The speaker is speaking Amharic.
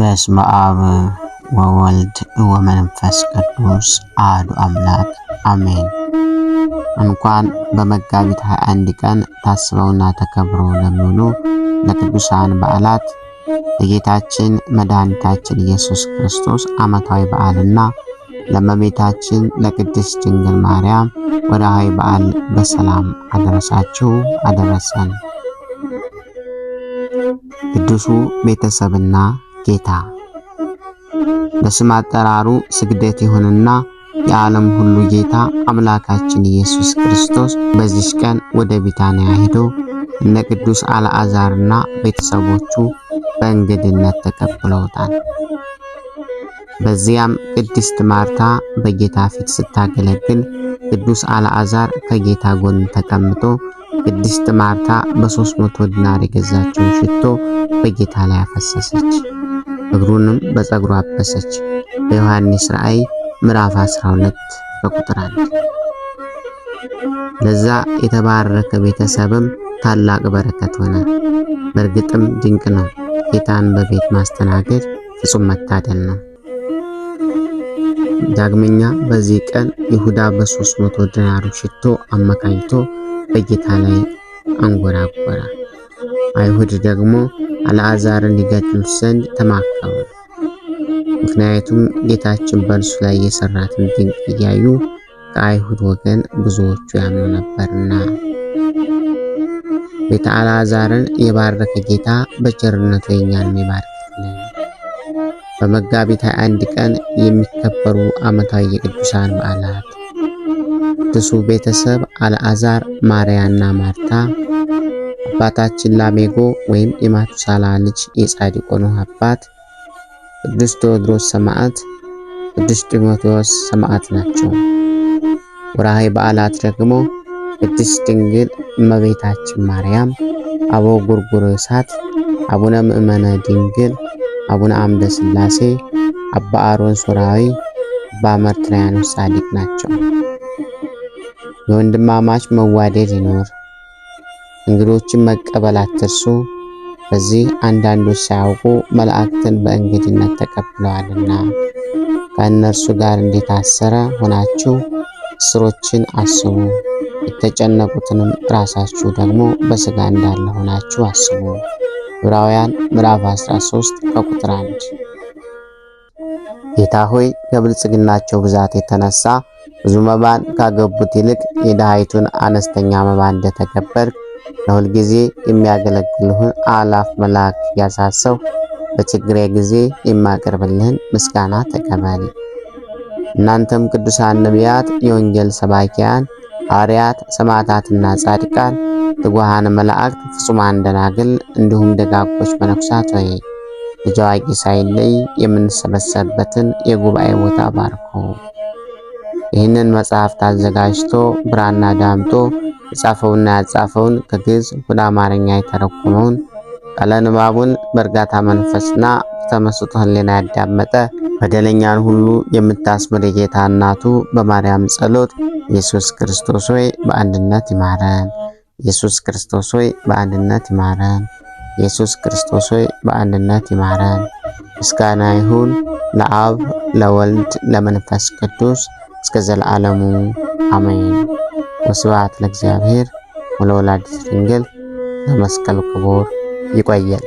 በስመ አብ ወወልድ ወመንፈስ ቅዱስ አህዱ አምላክ አሜን። እንኳን በመጋቢት 21 ቀን ታስበውና ተከብረው ለሚውሉ ለቅዱሳን በዓላት ለጌታችን መድኃኒታችን ኢየሱስ ክርስቶስ ዓመታዊ በዓልና ለመቤታችን ለቅድስት ድንግል ማርያም ወርኃዊ በዓል በሰላም አደረሳችሁ አደረሰን። ቅዱሱ ቤተሰብና ጌታ በስም አጠራሩ ስግደት ይሁንና የዓለም ሁሉ ጌታ አምላካችን ኢየሱስ ክርስቶስ በዚች ቀን ወደ ቢታንያ ሄዶ እነ ቅዱስ አልዓዛርና ቤተሰቦቹ በእንግድነት ተቀብለውታል። በዚያም ቅድስት ማርታ በጌታ ፊት ስታገለግል፣ ቅዱስ አልዓዛር ከጌታ ጎን ተቀምጦ ቅድስት ማርታ በ300 ዲናር የገዛችውን ሽቶ በጌታ ላይ አፈሰሰች። እግሩንም በፀጉሩ አበሰች። በዮሐንስ ራእይ ምዕራፍ 12 በቁጥር 1 ለዛ የተባረከ ቤተሰብም ታላቅ በረከት ሆነ። በእርግጥም ድንቅ ነው። ጌታን በቤት ማስተናገድ ፍጹም መታደል ነው። ዳግመኛ በዚህ ቀን ይሁዳ በ300 ዲናር ሽቶ አመካኝቶ በጌታ ላይ አንጎራጎራ። አይሁድ ደግሞ አልዓዛርን ሊገድሉት ዘንድ ተማከሩ። ምክንያቱም ጌታችን በእርሱ ላይ የሰራትን ድንቅ እያዩ ከአይሁድ ወገን ብዙዎቹ ያምኑ ነበርና። ቤተ አልዓዛርን የባረከ ጌታ በቸርነቱ የኛንም ይባርክልን። በመጋቢት 21 ቀን የሚከበሩ ዓመታዊ የቅዱሳን በዓላት፦ ቅዱሱ ቤተሰብ አልዓዛር፣ ማርያና ማርታ አባታችን ላሜጎ ወይም የማቱሳላ ልጅ የጻድቁ ኖህ አባት ቅዱስ ቴዎድሮስ ሰማዕት፣ ቅዱስ ጢሞቴዎስ ሰማዕት ናቸው። ወርሃዊ በዓላት ደግሞ ቅድስት ድንግል እመቤታችን ማርያም፣ አቦ እሳት፣ አቡነ ምእመነ ድንግል፣ አቡነ አምደ ስላሴ፣ አባ አሮን ሶራዊ፣ አባ መርትራያኖስ ጻድቅ ናቸው። የወንድማማች መዋደድ ይኖር። እንግዶችን መቀበል አትርሱ። በዚህ አንዳንዶች ሳያውቁ መላእክትን በእንግድነት ተቀብለዋልና ከእነርሱ ጋር እንዲታሰረ ሆናችሁ እስሮችን አስቡ። የተጨነቁትንም ራሳችሁ ደግሞ በስጋ እንዳለ ሆናችሁ አስቡ። ዕብራውያን ምዕራፍ 13 ከቁጥር 1። ጌታ ሆይ ከብልጽግናቸው ብዛት የተነሳ ብዙ መባን ካገቡት ይልቅ የድሃይቱን አነስተኛ መባ እንደተገበርክ ለሁል ጊዜ የሚያገለግልህን አላፍ መልአክ ያሳሰው በችግሬ ጊዜ የማቀርብልህን ምስጋና ተቀበል። እናንተም ቅዱሳን ነቢያት፣ የወንጌል ሰባኪያን ሐዋርያት፣ ሰማዕታትና ጻድቃን፣ ትጉሃን መላእክት፣ ፍጹማን ደናግል እንዲሁም ደጋጎች መነኩሳት ወይ ልጅ አዋቂ ሳይለይ የምንሰበሰብበትን የጉባኤ ቦታ ባርኩ። ይህንን መጽሐፍት አዘጋጅቶ ብራና ዳምጦ የጻፈውና ያጻፈውን ከግዕዝ ወደ አማርኛ የተረጎመውን ቃለ ንባቡን በእርጋታ መንፈስና ተመስጦ ሕሊና ያዳመጠ በደለኛን ሁሉ የምታስምር የጌታ እናቱ በማርያም ጸሎት ኢየሱስ ክርስቶስ ሆይ በአንድነት ይማረን። ኢየሱስ ክርስቶስ ሆይ በአንድነት ይማረን። ኢየሱስ ክርስቶስ ሆይ በአንድነት ይማረን። ምስጋና ይሁን ለአብ ለወልድ ለመንፈስ ቅዱስ እስከ ዘለዓለሙ አሜን። ወስብሐት ለእግዚአብሔር ወለወላዲቱ ድንግል ለመስቀሉ ክቡር። ይቆያል።